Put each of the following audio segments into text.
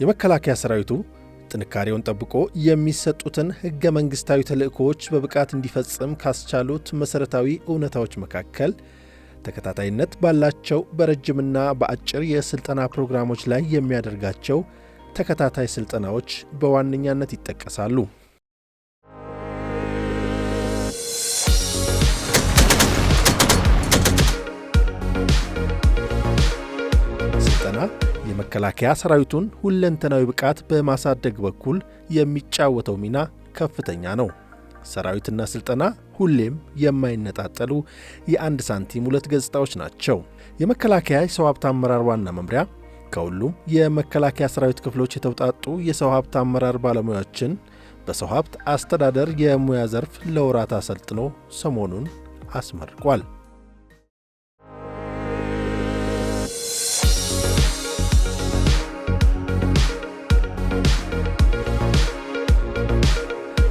የመከላከያ ሰራዊቱ ጥንካሬውን ጠብቆ የሚሰጡትን ህገ መንግሥታዊ ተልዕኮዎች በብቃት እንዲፈጽም ካስቻሉት መሠረታዊ እውነታዎች መካከል ተከታታይነት ባላቸው በረጅምና በአጭር የሥልጠና ፕሮግራሞች ላይ የሚያደርጋቸው ተከታታይ ሥልጠናዎች በዋነኛነት ይጠቀሳሉ። ሥልጠና የመከላከያ ሰራዊቱን ሁለንተናዊ ብቃት በማሳደግ በኩል የሚጫወተው ሚና ከፍተኛ ነው። ሰራዊትና ስልጠና ሁሌም የማይነጣጠሉ የአንድ ሳንቲም ሁለት ገጽታዎች ናቸው። የመከላከያ የሰው ሀብት አመራር ዋና መምሪያ ከሁሉም የመከላከያ ሰራዊት ክፍሎች የተውጣጡ የሰው ሀብት አመራር ባለሙያዎችን በሰው ሀብት አስተዳደር የሙያ ዘርፍ ለወራት አሰልጥኖ ሰሞኑን አስመርቋል።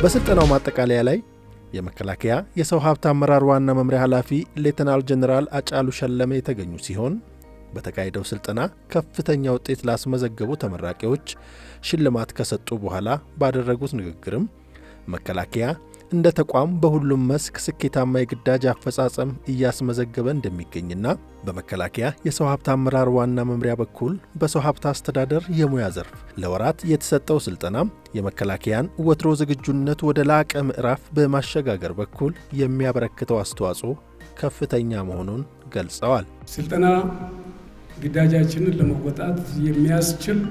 በስልጠናው ማጠቃለያ ላይ የመከላከያ የሰው ሀብት አመራር ዋና መምሪያ ኃላፊ ሌተናል ጀኔራል አጫሉ ሸለመ የተገኙ ሲሆን በተካሄደው ስልጠና ከፍተኛ ውጤት ላስመዘገቡ ተመራቂዎች ሽልማት ከሰጡ በኋላ ባደረጉት ንግግርም መከላከያ እንደ ተቋም በሁሉም መስክ ስኬታማ የግዳጅ አፈጻጸም እያስመዘገበ እንደሚገኝና በመከላከያ የሰው ሀብት አመራር ዋና መምሪያ በኩል በሰው ሀብት አስተዳደር የሙያ ዘርፍ ለወራት የተሰጠው ስልጠና የመከላከያን ወትሮ ዝግጁነት ወደ ላቀ ምዕራፍ በማሸጋገር በኩል የሚያበረክተው አስተዋጽኦ ከፍተኛ መሆኑን ገልጸዋል። ስልጠና ግዳጃችንን ለመወጣት የሚያስችል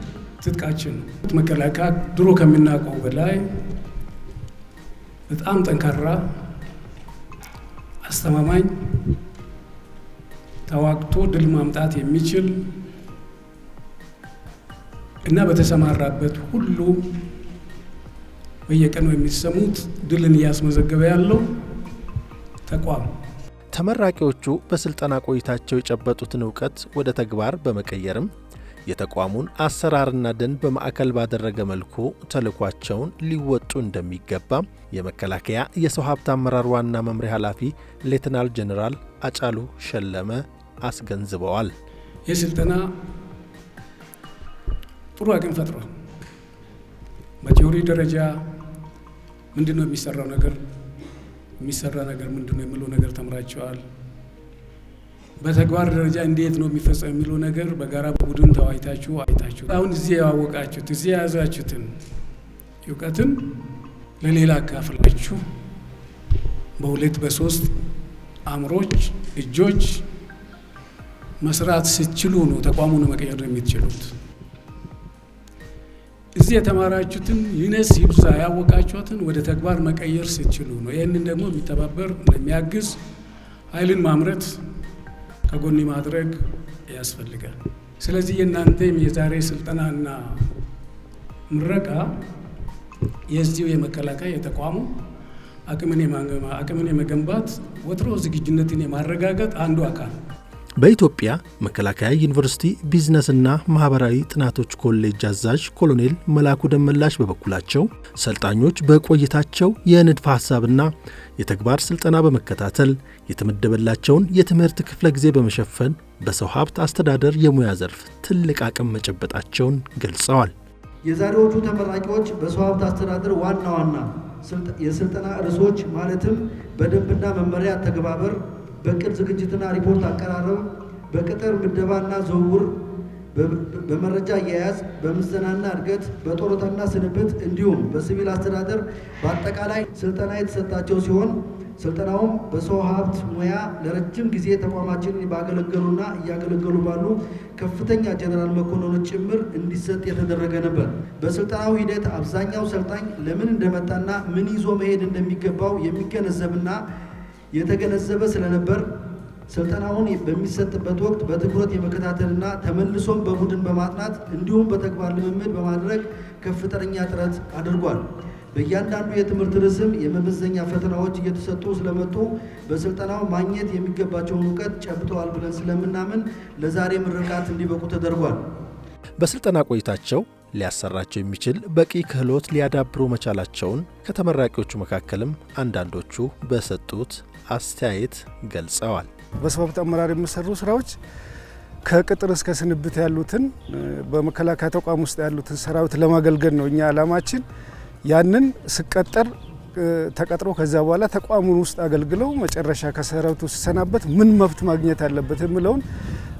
ትጥቃችን መከላከያ ድሮ ከሚናውቀው በላይ በጣም ጠንካራ አስተማማኝ ተዋግቶ ድል ማምጣት የሚችል እና በተሰማራበት ሁሉ በየቀኑ የሚሰሙት ድልን እያስመዘገበ ያለው ተቋም ተመራቂዎቹ በስልጠና ቆይታቸው የጨበጡትን እውቀት ወደ ተግባር በመቀየርም የተቋሙን አሰራርና ደንብ በማዕከል ባደረገ መልኩ ተልኳቸውን ሊወጡ እንደሚገባ የመከላከያ የሰው ሀብት አመራር ዋና መምሪያ ኃላፊ ሌትናል ጄኔራል አጫሉ ሸለመ አስገንዝበዋል። ይህ ስልጠና ጥሩ አቅም ፈጥሯል። በቲዎሪ ደረጃ ምንድነው የሚሰራው ነገር የሚሰራ ነገር ምንድነው የምለው ነገር ተምራቸዋል። በተግባር ደረጃ እንዴት ነው የሚፈጸም የሚለው ነገር በጋራ በቡድን ተዋይታችሁ አይታችሁ አሁን እዚህ ያወቃችሁት እዚህ የያዛችሁትን እውቀትን ለሌላ አካፍላችሁ በሁለት በሶስት አእምሮች፣ እጆች መስራት ስትችሉ ነው ተቋሙን መቀየር የምትችሉት። እዚህ የተማራችሁትን ይነስ ይብዛ ያወቃችሁትን ወደ ተግባር መቀየር ስትችሉ ነው። ይህንን ደግሞ የሚተባበር የሚያግዝ ኃይልን ማምረት ከጎን ማድረግ ያስፈልጋል። ስለዚህ የእናንተም የዛሬ ስልጠናና ምረቃ የዚሁ የመከላከያ የተቋሙ አቅምን የመገንባት ወትሮ ዝግጁነትን የማረጋገጥ አንዱ አካል በኢትዮጵያ መከላከያ ዩኒቨርሲቲ ቢዝነስና ማህበራዊ ጥናቶች ኮሌጅ አዛዥ ኮሎኔል መላኩ ደመላሽ በበኩላቸው ሰልጣኞች በቆይታቸው የንድፈ ሐሳብና የተግባር ስልጠና በመከታተል የተመደበላቸውን የትምህርት ክፍለ ጊዜ በመሸፈን በሰው ሀብት አስተዳደር የሙያ ዘርፍ ትልቅ አቅም መጨበጣቸውን ገልጸዋል። የዛሬዎቹ ተመራቂዎች በሰው ሀብት አስተዳደር ዋና ዋና የስልጠና ርዕሶች ማለትም በደንብና መመሪያ ተገባበር በቅድ ዝግጅትና ሪፖርት አቀራረብ፣ በቅጥር ምደባና ዝውውር፣ በመረጃ አያያዝ፣ በምዘናና እድገት፣ በጡረታና ስንብት እንዲሁም በሲቪል አስተዳደር በአጠቃላይ ስልጠና የተሰጣቸው ሲሆን ስልጠናውም በሰው ሀብት ሙያ ለረጅም ጊዜ ተቋማችንን ባገለገሉና እያገለገሉ ባሉ ከፍተኛ ጀነራል መኮንኖች ጭምር እንዲሰጥ የተደረገ ነበር። በስልጠናው ሂደት አብዛኛው ሰልጣኝ ለምን እንደመጣና ምን ይዞ መሄድ እንደሚገባው የሚገነዘብና የተገነዘበ ስለነበር ስልጠናውን በሚሰጥበት ወቅት በትኩረት የመከታተልና ተመልሶም በቡድን በማጥናት እንዲሁም በተግባር ልምምድ በማድረግ ከፍተኛ ጥረት አድርጓል። በእያንዳንዱ የትምህርት ርዕስም የመመዘኛ ፈተናዎች እየተሰጡ ስለመጡ በስልጠናው ማግኘት የሚገባቸውን እውቀት ጨብጠዋል ብለን ስለምናምን ለዛሬ ምርቃት እንዲበቁ ተደርጓል። በስልጠና ቆይታቸው ሊያሰራቸው የሚችል በቂ ክህሎት ሊያዳብሩ መቻላቸውን ከተመራቂዎቹ መካከልም አንዳንዶቹ በሰጡት አስተያየት ገልጸዋል። በሰበብት አመራር የሚሰሩ ስራዎች ከቅጥር እስከ ስንብት ያሉትን በመከላከያ ተቋም ውስጥ ያሉትን ሰራዊት ለማገልገል ነው እኛ አላማችን ያንን ስቀጠር ተቀጥሮ ከዛ በኋላ ተቋሙን ውስጥ አገልግለው መጨረሻ ከሰራዊቱ ሲሰናበት ምን መብት ማግኘት አለበት የሚለውን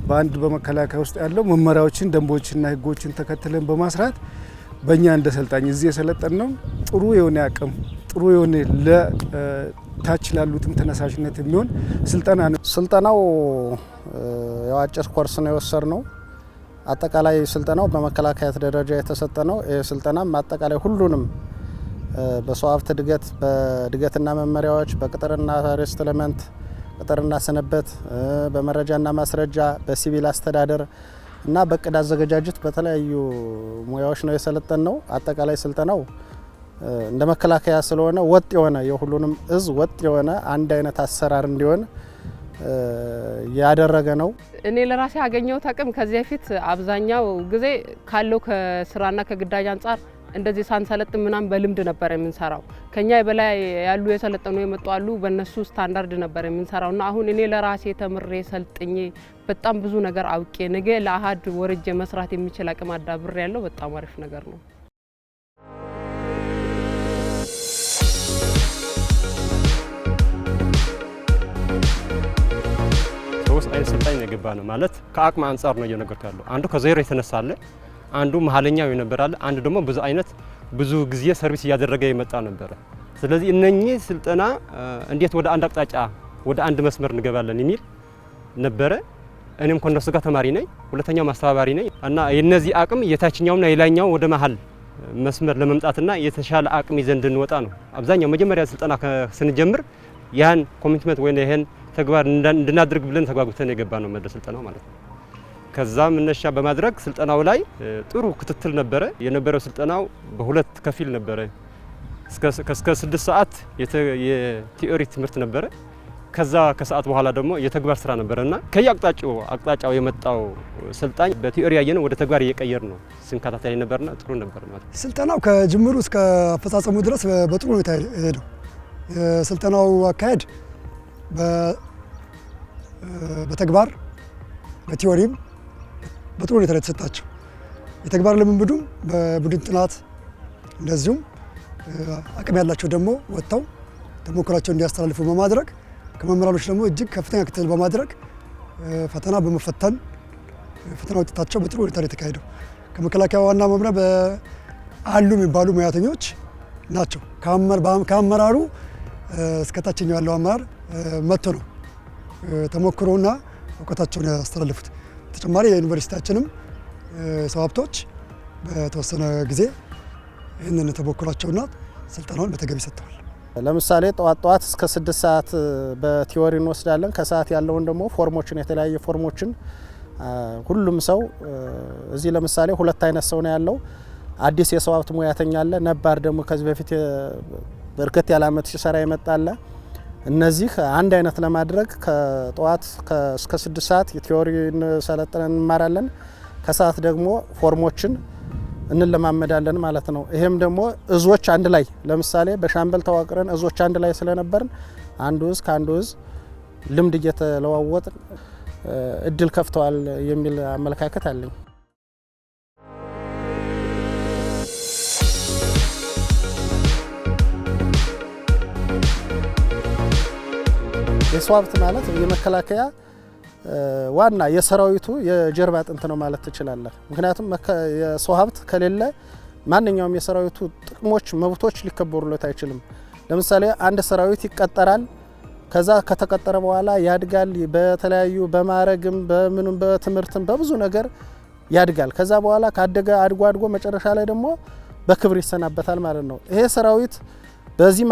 በአንድ በመከላከያ ውስጥ ያለው መመሪያዎችን ደንቦችና ህጎችን ተከትለን በማስራት በእኛ እንደ ሰልጣኝ እዚህ የሰለጠን ነው ጥሩ የሆነ አቅም ጥሩ የሆነ ለታች ላሉትም ተነሳሽነት የሚሆን ስልጠና ነው። ስልጠናው ያው አጭር ኮርስ ነው የወሰድ ነው። አጠቃላይ ስልጠናው በመከላከያ ደረጃ የተሰጠ ነው። ይህ ስልጠናም አጠቃላይ ሁሉንም በሰው ሀብት እድገት፣ በእድገትና መመሪያዎች፣ በቅጥርና ሪስት ቅጥርና ስንብት፣ በመረጃና ማስረጃ፣ በሲቪል አስተዳደር እና በእቅድ አዘገጃጀት በተለያዩ ሙያዎች ነው የሰለጠን ነው። አጠቃላይ ስልጠናው እንደ መከላከያ ስለሆነ ወጥ የሆነ የሁሉንም እዝ ወጥ የሆነ አንድ አይነት አሰራር እንዲሆን ያደረገ ነው። እኔ ለራሴ ያገኘሁት አቅም ከዚህ በፊት አብዛኛው ጊዜ ካለው ከስራና ከግዳጅ አንጻር እንደዚህ ሳንሰለጥ ምናምን በልምድ ነበር የምንሰራው። ከኛ በላይ ያሉ የሰለጠኑ የመጡ አሉ። በእነሱ ስታንዳርድ ነበር የምንሰራው እና አሁን እኔ ለራሴ ተምሬ ሰልጥኜ በጣም ብዙ ነገር አውቄ ነገ ለአሀድ ወርጄ መስራት የሚችል አቅም አዳብሬ ያለው በጣም አሪፍ ነገር ነው። ውስጥ አይነት የገባ ነው ማለት ከአቅም አንጻር ነው እየነገርኩ ያለው። አንዱ ከዜሮ የተነሳለ አንዱ መሀለኛው የነበራል፣ አንዱ ደግሞ ብዙ አይነት ብዙ ጊዜ ሰርቪስ እያደረገ የመጣ ነበረ። ስለዚህ እነኚህ ስልጠና እንዴት ወደ አንድ አቅጣጫ ወደ አንድ መስመር እንገባለን የሚል ነበረ። እኔም ከነሱ ጋር ተማሪ ነኝ፣ ሁለተኛው ማስተባባሪ ነኝ እና የነዚህ አቅም የታችኛውና የላይኛው ወደ መሀል መስመር ለመምጣትና የተሻለ አቅም ይዘን እንድንወጣ ነው። አብዛኛው መጀመሪያ ስልጠና ስንጀምር ያን ኮሚትመንት ወይ ይህን ተግባር እንድናድርግ ብለን ተጓጉተን የገባ ነው ስልጠናው ማለት ነው። ከዛ መነሻ በማድረግ ስልጠናው ላይ ጥሩ ክትትል ነበረ የነበረው። ስልጠናው በሁለት ከፊል ነበረ። እስከ ስድስት ሰዓት የቲዮሪ ትምህርት ነበረ። ከዛ ከሰዓት በኋላ ደግሞ የተግባር ስራ ነበረ እና ከየአቅጣጫው አቅጣጫው የመጣው ሰልጣኝ በቲዮሪ ያየነው ወደ ተግባር እየቀየር ነው ስንከታተል ነበርና ጥሩ ነበር ማለት ስልጠናው ከጅምሩ እስከ አፈጻጸሙ ድረስ በጥሩ ሁኔታ ሄደው የስልጠናው አካሄድ በተግባር በቲዮሪም በጥሩ ሁኔታ ላይ የተሰጣቸው የተግባር ልምምዱም በቡድን ጥናት እንደዚሁም አቅም ያላቸው ደግሞ ወጥተው ተሞክሯቸው እንዲያስተላልፉ በማድረግ ከመምህራኖች ደግሞ እጅግ ከፍተኛ ክትትል በማድረግ ፈተና በመፈተን ፈተና ውጤታቸው በጥሩ ሁኔታ ነው የተካሄደው። ከመከላከያ ዋና መምሪያ አሉ የሚባሉ ሙያተኞች ናቸው። ከአመራሩ እስከታችኛው ያለው አመራር መጥቶ ነው ተሞክሮና እውቀታቸውን ያስተላልፉት። በተጨማሪ የዩኒቨርሲቲያችንም ሰው ሀብቶች በተወሰነ ጊዜ ይህንን ተሞክሯቸውና ስልጠናውን በተገቢ ሰጥተዋል። ለምሳሌ ጠዋት ጠዋት እስከ ስድስት ሰዓት በቲዎሪ እንወስዳለን። ከሰዓት ያለውን ደግሞ ፎርሞችን የተለያየ ፎርሞችን ሁሉም ሰው እዚህ ለምሳሌ ሁለት አይነት ሰው ነው ያለው። አዲስ የሰው ሀብት ሙያተኛ አለ፣ ነባር ደግሞ ከዚህ በፊት በርከት ያለ አመት ሲሰራ ይመጣለ እነዚህ አንድ አይነት ለማድረግ ከጠዋት እስከ ስድስት ሰዓት የቲዎሪን ሰለጥነን እንማራለን። ከሰዓት ደግሞ ፎርሞችን እንለማመዳለን ማለት ነው። ይሄም ደግሞ እዞች አንድ ላይ ለምሳሌ በሻምበል ተዋቅረን እዞች አንድ ላይ ስለነበርን አንዱ እዝ ከአንዱ እዝ ልምድ እየተለዋወጥ እድል ከፍተዋል የሚል አመለካከት አለኝ። የሰዋብት ማለት የመከላከያ ዋና የሰራዊቱ የጀርባ አጥንት ነው ማለት ትችላለህ። ምክንያቱም የሰው ሀብት ከሌለ ማንኛውም የሰራዊቱ ጥቅሞች፣ መብቶች ሊከበሩለት አይችልም። ለምሳሌ አንድ ሰራዊት ይቀጠራል። ከዛ ከተቀጠረ በኋላ ያድጋል። በተለያዩ በማረግም፣ በምንም፣ በትምህርትም በብዙ ነገር ያድጋል። ከዛ በኋላ ካደገ አድጎ አድጎ መጨረሻ ላይ ደግሞ በክብር ይሰናበታል ማለት ነው። ይሄ ሰራዊት በዚህ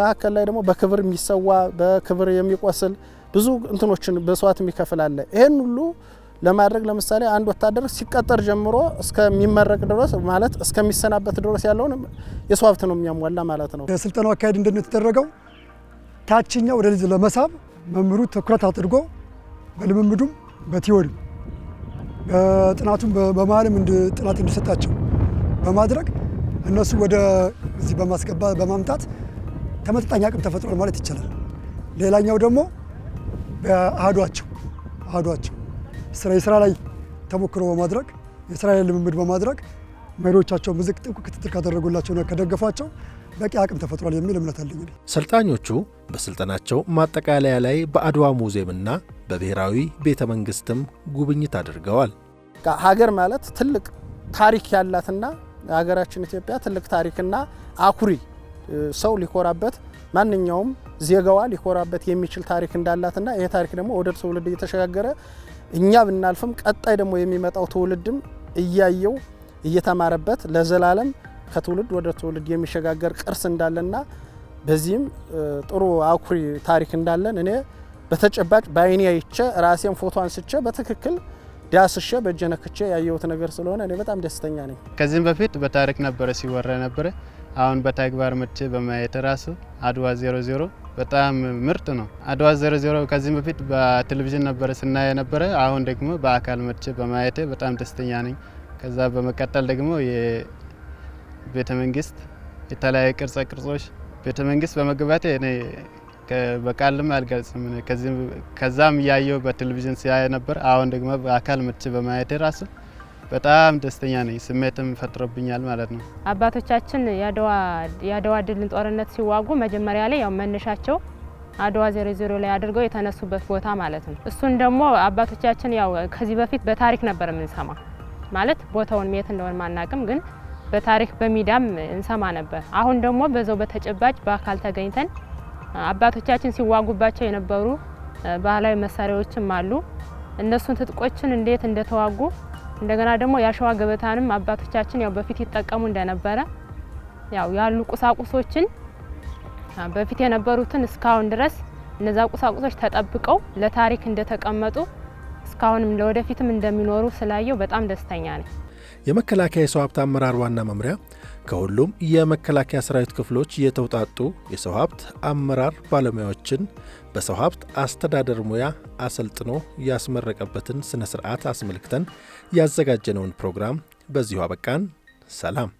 መካከል ላይ ደግሞ በክብር የሚሰዋ በክብር የሚቆስል ብዙ እንትኖችን መስዋዕት የሚከፍል አለ። ይህን ሁሉ ለማድረግ ለምሳሌ አንድ ወታደር ሲቀጠር ጀምሮ እስከሚመረቅ ድረስ ማለት እስከሚሰናበት ድረስ ያለውን የሰው ነው የሚያሟላ ማለት ነው። የስልጠናው አካሄድ እንደተደረገው ታችኛው ወደ ልጅ ለመሳብ መምህሩ ትኩረት አድርጎ በልምምዱም በቲዎሪም በጥናቱም በመሀልም ጥናት እንዲሰጣቸው በማድረግ እነሱ ወደ እዚህ በማስገባት በማምጣት ተመጣጣኝ አቅም ተፈጥሯል ማለት ይቻላል። ሌላኛው ደግሞ በአህዷቸው አህዷቸው ስራ የስራ ላይ ተሞክሮ በማድረግ የስራ ላይ ልምምድ በማድረግ መሪዎቻቸው ምዝቅ ጥብቅ ክትትል ካደረጉላቸውና ከደገፏቸው በቂ አቅም ተፈጥሯል የሚል እምነት አለኝ። ሰልጣኞቹ በስልጠናቸው ማጠቃለያ ላይ በአድዋ ሙዚየምና በብሔራዊ ቤተ መንግስትም ጉብኝት አድርገዋል። ሀገር ማለት ትልቅ ታሪክ ያላትና ሀገራችን ኢትዮጵያ ትልቅ ታሪክና አኩሪ ሰው ሊኮራበት ማንኛውም ዜጋዋ ሊኮራበት የሚችል ታሪክ እንዳላትና ይሄ ታሪክ ደግሞ ወደ ትውልድ እየተሸጋገረ እኛ ብናልፍም ቀጣይ ደግሞ የሚመጣው ትውልድም እያየው እየተማረበት ለዘላለም ከትውልድ ወደ ትውልድ የሚሸጋገር ቅርስ እንዳለና በዚህም ጥሩ አኩሪ ታሪክ እንዳለን እኔ በተጨባጭ በአይኔ አይቼ ራሴን ፎቶ አንስቼ በትክክል ዳስሼ በእጄ ነክቼ ያየሁት ነገር ስለሆነ እኔ በጣም ደስተኛ ነኝ። ከዚህም በፊት በታሪክ ነበረ ሲወራ ነበረ። አሁን በተግባር መቼ በማየት ራሱ አድዋ ዜሮ በጣም ምርጥ ነው። አድዋ 00 ከዚህም በፊት በቴሌቪዥን ነበረ ስናየ የነበረ አሁን ደግሞ በአካል መቼ በማየት በጣም ደስተኛ ነኝ። ከዛ በመቀጠል ደግሞ የቤተ መንግስት የተለያዩ ቅርጻ ቅርጾች ቤተ መንግስት በመግባቴ እኔ በቃልም አልገልጽም። ከዛም እያየው በቴሌቪዥን ሲያየ ነበር። አሁን ደግሞ በአካል ምች በማየት ራሱ በጣም ደስተኛ ነኝ። ስሜትም ፈጥሮብኛል ማለት ነው። አባቶቻችን የአድዋ ድልን ጦርነት ሲዋጉ መጀመሪያ ላይ ያው መነሻቸው አድዋ ዜሮ ዜሮ ላይ አድርገው የተነሱበት ቦታ ማለት ነው። እሱን ደግሞ አባቶቻችን ያው ከዚህ በፊት በታሪክ ነበር የምንሰማ ማለት ቦታውን የት እንደሆነ ማናቅም ግን በታሪክ በሚዲያም እንሰማ ነበር። አሁን ደግሞ በዛው በተጨባጭ በአካል ተገኝተን አባቶቻችን ሲዋጉባቸው የነበሩ ባህላዊ መሳሪያዎችም አሉ። እነሱን ትጥቆችን እንዴት እንደተዋጉ እንደገና ደግሞ የአሸዋ ገበታንም አባቶቻችን ያው በፊት ይጠቀሙ እንደነበረ ያው ያሉ ቁሳቁሶችን በፊት የነበሩትን እስካሁን ድረስ እነዛ ቁሳቁሶች ተጠብቀው ለታሪክ እንደተቀመጡ እስካሁንም ለወደፊትም እንደሚኖሩ ስላየው በጣም ደስተኛ ነኝ። የመከላከያ የሰው ሀብት አመራር ዋና መምሪያ ከሁሉም የመከላከያ ሰራዊት ክፍሎች የተውጣጡ የሰው ሀብት አመራር ባለሙያዎችን በሰው ሀብት አስተዳደር ሙያ አሰልጥኖ ያስመረቀበትን ስነ ስርዓት አስመልክተን ያዘጋጀነውን ፕሮግራም በዚሁ አበቃን። ሰላም።